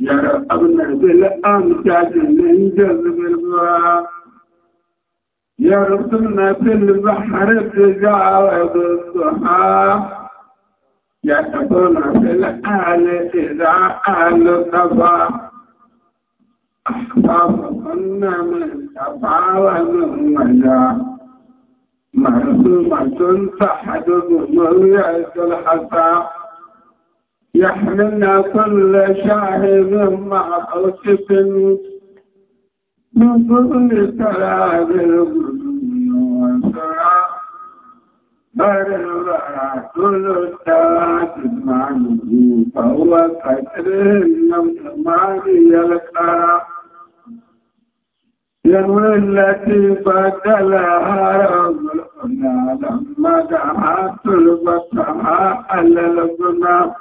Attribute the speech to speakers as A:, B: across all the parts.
A: يرأبنا بالأمتاج من جذب الباب يرسلنا في البحر الرجاء يا يكفرنا في الأهل إذا أهل صفا أحفظ من كفى ومن وجاه مهزومة تحدث ذرية الحساء يحملنا كل شاهد مع قوسف من كل سلام وسرع بل الورع كل التواتم مع نجوم فهو كثر النمط مالي الكرم يروي التي بدلها رب أنا لما دعت البطحاء الظلام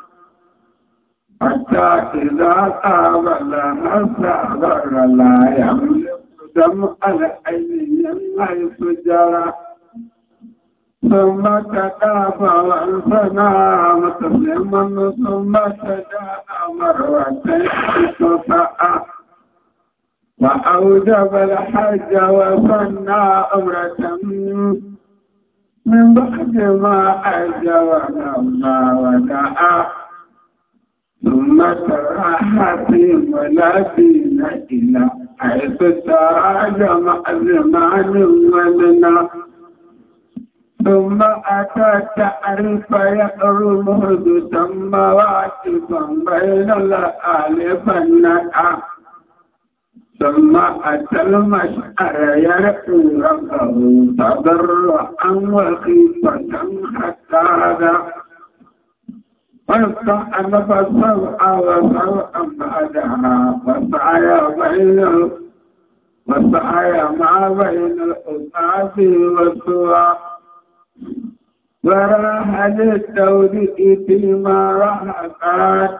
A: حتى إذا طاب لها سعر لا يملك دمع العين حيث جرى ثم تكافى الفناء مسلما ثم تجاء مرتين صفاء وأوجب الحج وصنى أمرة من بعد ما أجرنا الله ودعا ثم تراح في ملابين إلى حيث تراجم أزمان ولنا ثم أتى تعرف يقرب ثم واقفا بين الآلف النقع ثم أتى المشعر يرحو ربه تضرعا وخيفة حتى هذا فاستع نفسه وسوء بعدها فسعي بين وسعي ما بين الأصحاب والسوى وراح للتوريث فيما رحقات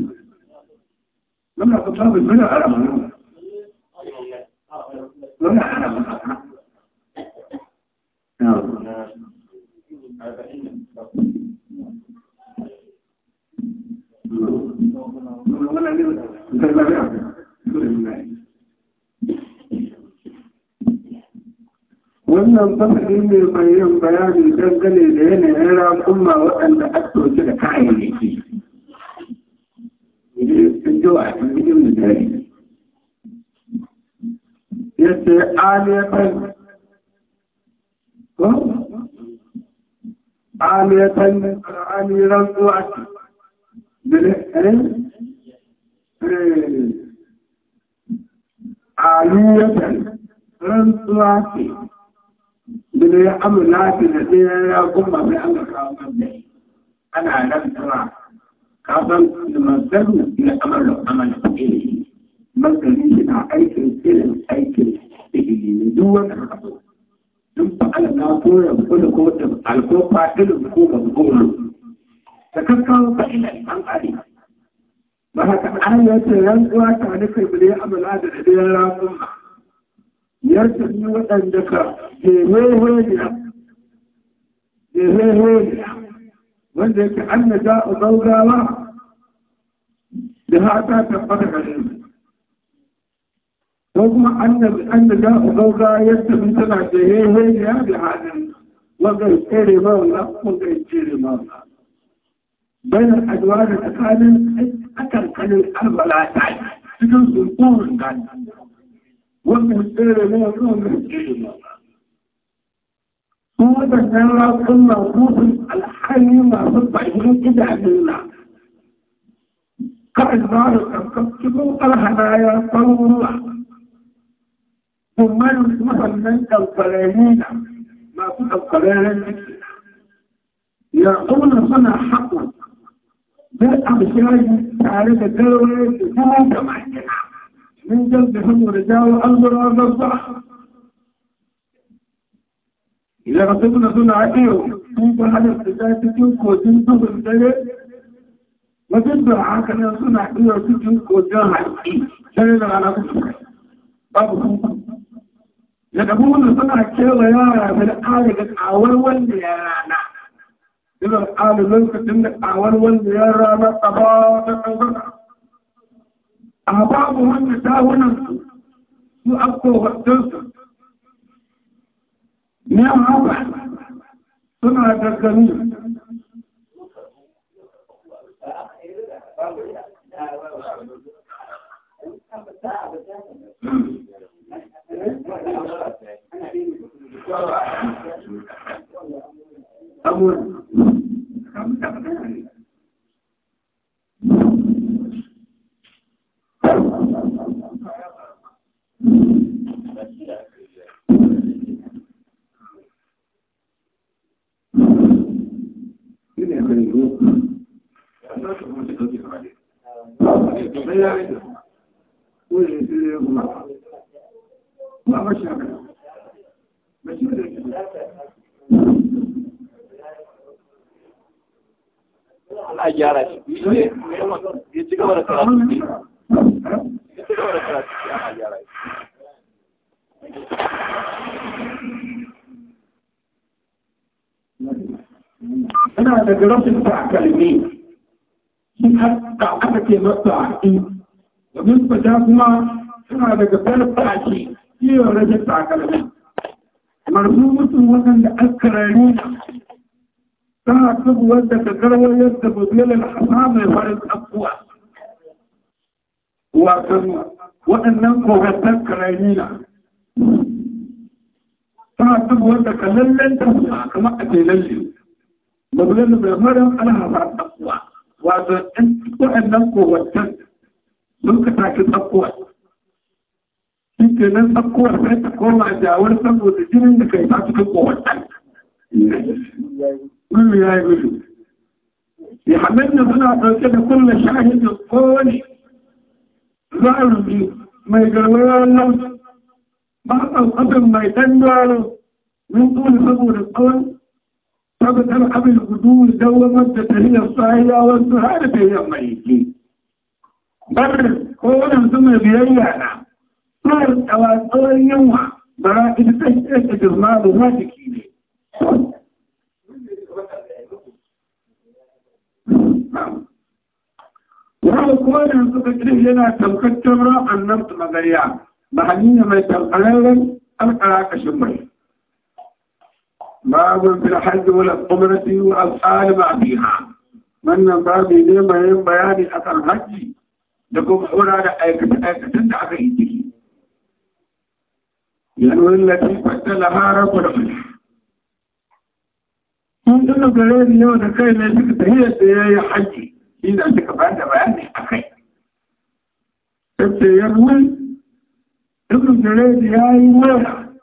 A: صعب الدنيا حرام الدنيا حرام wannan fasari mai bayan bayani dangane da yanayin raƙumma waɗanda aka ɗauki da kayayyaki kasance aliyatan aliyatan al'ani rantsuwa aliyatan rantsuwa ce da ya amula ce da ɗaya ya gumma mai an ga kawo ana rantsuwa kafin da masaru na amalin amalin ilimi masari na aikin irin aikin من دون الخطوة duk ba ala na tura kula ko da alkofa irin ko ga gulu ta kakkawo ka ina an ari ba haka an ya ce rantsuwa ta ne kai bile amala da dadiyar rantsun yar ta ni waɗanda ka jehehohiya jehehohiya wanda yake an na ja'u zaugawa da haka tabbata gare mu رغم أن أن غوغا يستمن سنة هي هي هذه حالنا وقال كيري مولا وقال كيري مولا بين الأدوار الأقالم أكل كان الأربع لا تعد تجوز الطول كان وقال كيري مولا وقال كيري مولا هو بس نرى كل موقوف الحي ما صدق يقول كده عبد الله قاعد معه كم الحنايا طول الله kumanin muhamman ɗaukarari na masu ɗaukararin ciki ya ƙuna suna haƙo don amshari tare da garwar da kuma da makina min jan da hannu da jawo an zura zazza idan ka suna suna haƙiyo sun ga halar da ta cikin kogin duhun dare wajen da haka nan suna iya cikin kogin haƙi tare da rana kuma babu kuma daga mun suna kewa yara da ƙara da ƙawar wanda ya rana ina ƙara lokacin da ƙawar wanda ya rana a ba ta ƙangana a babu wanda ta wunan su su akko wadansu ne haka suna gaggani منهما وجد لهما ما مشى منهما مشى a gyara shi ya ci gaba da karatu ne ya ci gaba da karatu ne ana gyara shi Yana da garafin takalmi shi aka ce masa haɗi domin fita kuma suna daga farfashe ciwon rashin takalmi marmu mutum waɗanda aka rari suna tubu wadda ka garwar yadda bubilan hasa mai farin tsakuwa wasan waɗannan kogattar karari na suna tubu wadda ka lallanta kamar a ce lalle bubilan mai farin alhasa tsakuwa wato in waɗannan kowancan sun ka tafi tsakkuwa shi ke nan tsakkuwar sai ta koma jawar saboda jinin da kai ta cikin kowancan Kullu ya yi gudu. Ya hannun da suna ɗauke da kullum shahidin kowane zalumi mai garwayar nan ba a mai ɗan daro min kuma saboda tsawon tabbatar abin hudu dawamar da tarihar sahiyawan su har da yin maiki bar kowane su mai biyayya na tsohon tsawa tsohon yunwa bara ita ta shi ta girma da ruwa jiki ne wani kowane suka ƙirƙi yana tamkacin ra'an nan magariya ba hanyar mai tankararren an ƙara ƙashin mai ما من بالحج ولا القمرة والأبطال ما فيها من نظر بإذن بيان بيان حتى الحج لكم حولا لأيك تأيك تدع في إيدك لأنه التي فتى لها رب الحج من دون بلاد يوم نكاين لأيك تهيئة سيئة حجي إن أنك بعد بيان حقي أنت يروي ابن بلاد يا إيمانا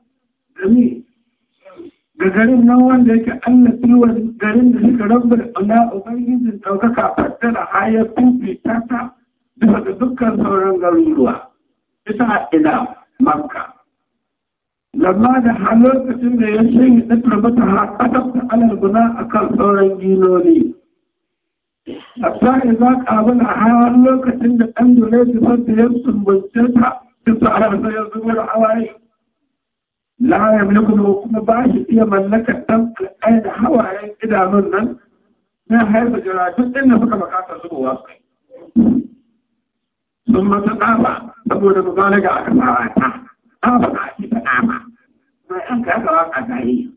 A: أمين ga garin nan wanda yake Allah ciwon garin da suka rabar Allah Ubangijin ɗaukaka fattara hayar tufi ta ta bisa da dukkan sauran garuruwa. Ita ina Makka. Lamma da halokacin da ya shirya na turbata haɗaɗa alal guna a kan sauran ginoni. A sa'i za ka bala har lokacin da ɗan dole su fanta ya sumbance ta, ta sa'ar sai ya zubar hawaye. لا يملكون وكم باش هي ملكة تلك أين هو أين إذا منن ما هي الجرائد إن هو كما قال سبوا ثم تقام أبو رمضان قال ما أبا ناسي بنامة ما أنك أبا قدري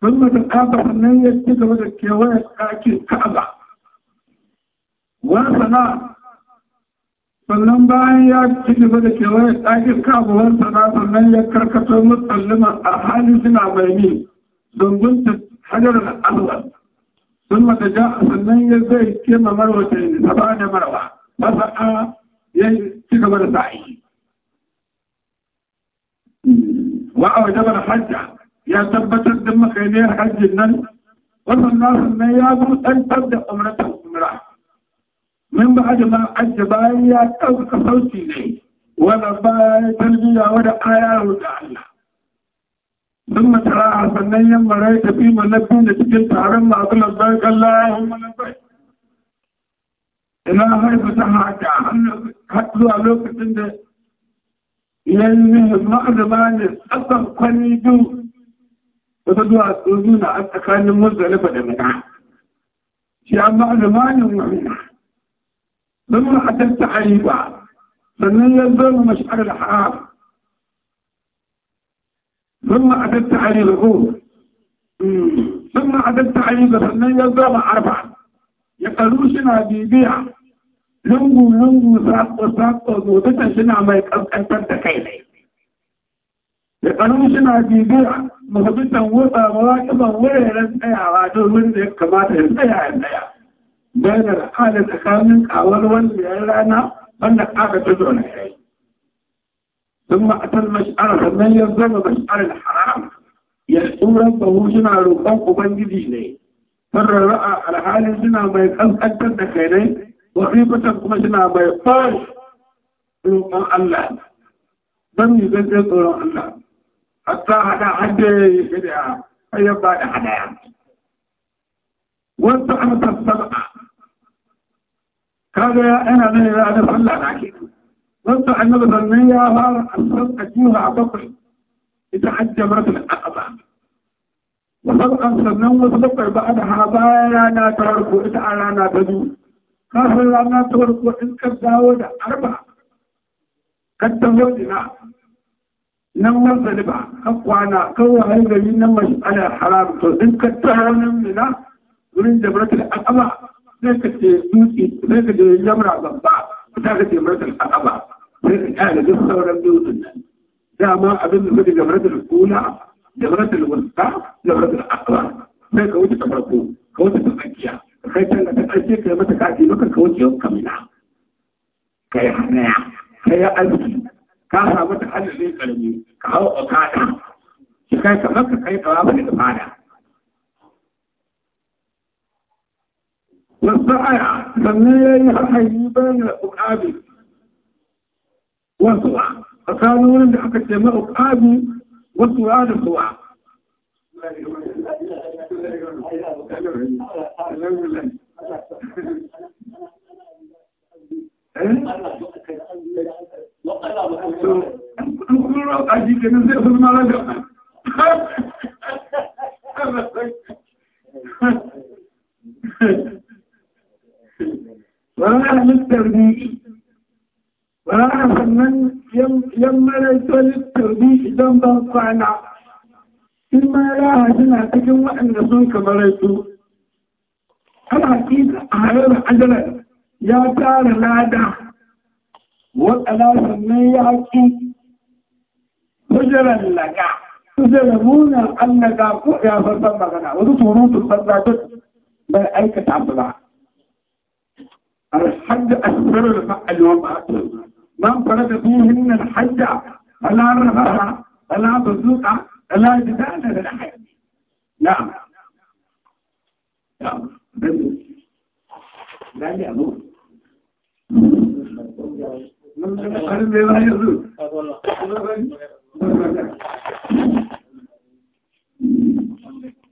A: ثم تقام فنية تقوى الكيوات قاكي الكعبة وانا ان فلما يأتي بدل ان أجل هناك هل تنعطى من يكر كتومة تلما أحاديث العبايمين زنبون تحجر الأول ثم تجاء سنين يزاي كيما مروة سبعان مروة بس أه يأتي كبر سعي وأو جبر حجة يا تبت الدم خيني حج النن وصل الناس من يابر أن هناك هناك هناك هناك هناك هناك ان ان ان ان ان ان تبدأ هناك أمرته من بعد ما عد باين يا صوتي لي ولا باين تربية ولا آية ولا ثم ترى سنيا مرأيت في منبي نتجل تعرم أقول لبيك اللهم لبيك إلا هاي فتحها كأهل حتلو ألوك تند يلمه بعد باين أصف قنيدو وتدوى أتوزون أتكان المزلفة لمنع شيئا بعد باين ومنع لما حدثت حليبا sannan ya zo mu mashar ثم أدت علي الغور ثم أدت علي من يزام أربعة يقلوشنا بيبيع لنقو لنقو ساق ساق وزودتا شنا ما يقلقن تنتكي يقلوشنا بيبيع مهبتا وطا مواكبا ويرا سيا وادو من ذلك كما تنسيا النيا bayanar hada tsakanin kawar walliyar rana wanda aka fito na yayi ثم أتى المشعر فمن يظلم مشعر الحرام يحسو ربه جنا روحان قبان جديني فررأى على حال جنا ما يتأل أكثر دخيني وخيبة كما جنا ما يطار روحان الله بم يزيد روحان الله حتى هذا حد يشريع أيضا حدا وانت أنت السبعة kaga yana nan ya da sallah da ake wasu annabi sannan ya fara asar a jiwa a bakwai ita hajjar martul aqaba wasu an sannan wasu bakwai ba da ha bayan rana ta farko ita a rana ta biyu kafin rana ta farko in ka dawo da arba ka tawo dina nan wanda ba ka kwana kawai gari nan mashi ala haram to in ka tawo nan dina wurin jabratul aqaba sai ka ce tuci sai ka ce jamra babba ta ka ce murtal alaba sai ka kyale duk sauran biyutun nan dama abin da suke jamratul kula jamratul wusta jamratul akbar sai ka wuce ta farko ka wuce ta tsakiya kai can ka ƙarshe ka yi mata kaji maka ka wuce yau kamina ka yi hanaya ka yi aiki ka samu ta hannun ƙarami ka hau a kada shi kai kamar ka kai tsawa da fada والصحيح sannan ya yi hakan yi bayan al'ukabi wasu a tsakanin wurin da aka ce ma'ukabi wasu ya da suwa Thank you. وأهل التربية وأعرف من يما ليس للتربية دم بطعنا إما لا هجنا تجمع النسون كما ليسوا الحقيقة هير عجلة يا تار لا دا وأنا سمياكي فجر لك تجرمون أنك يا فرصة مغنى وذو صنوط الفرصة بأيك تعبد الحج أشهر الحج وباطل من فرد فيهن الحج فلا رفث فلا فسوق فلا جدال في الحج نعم نعم لا يعلم Thank you.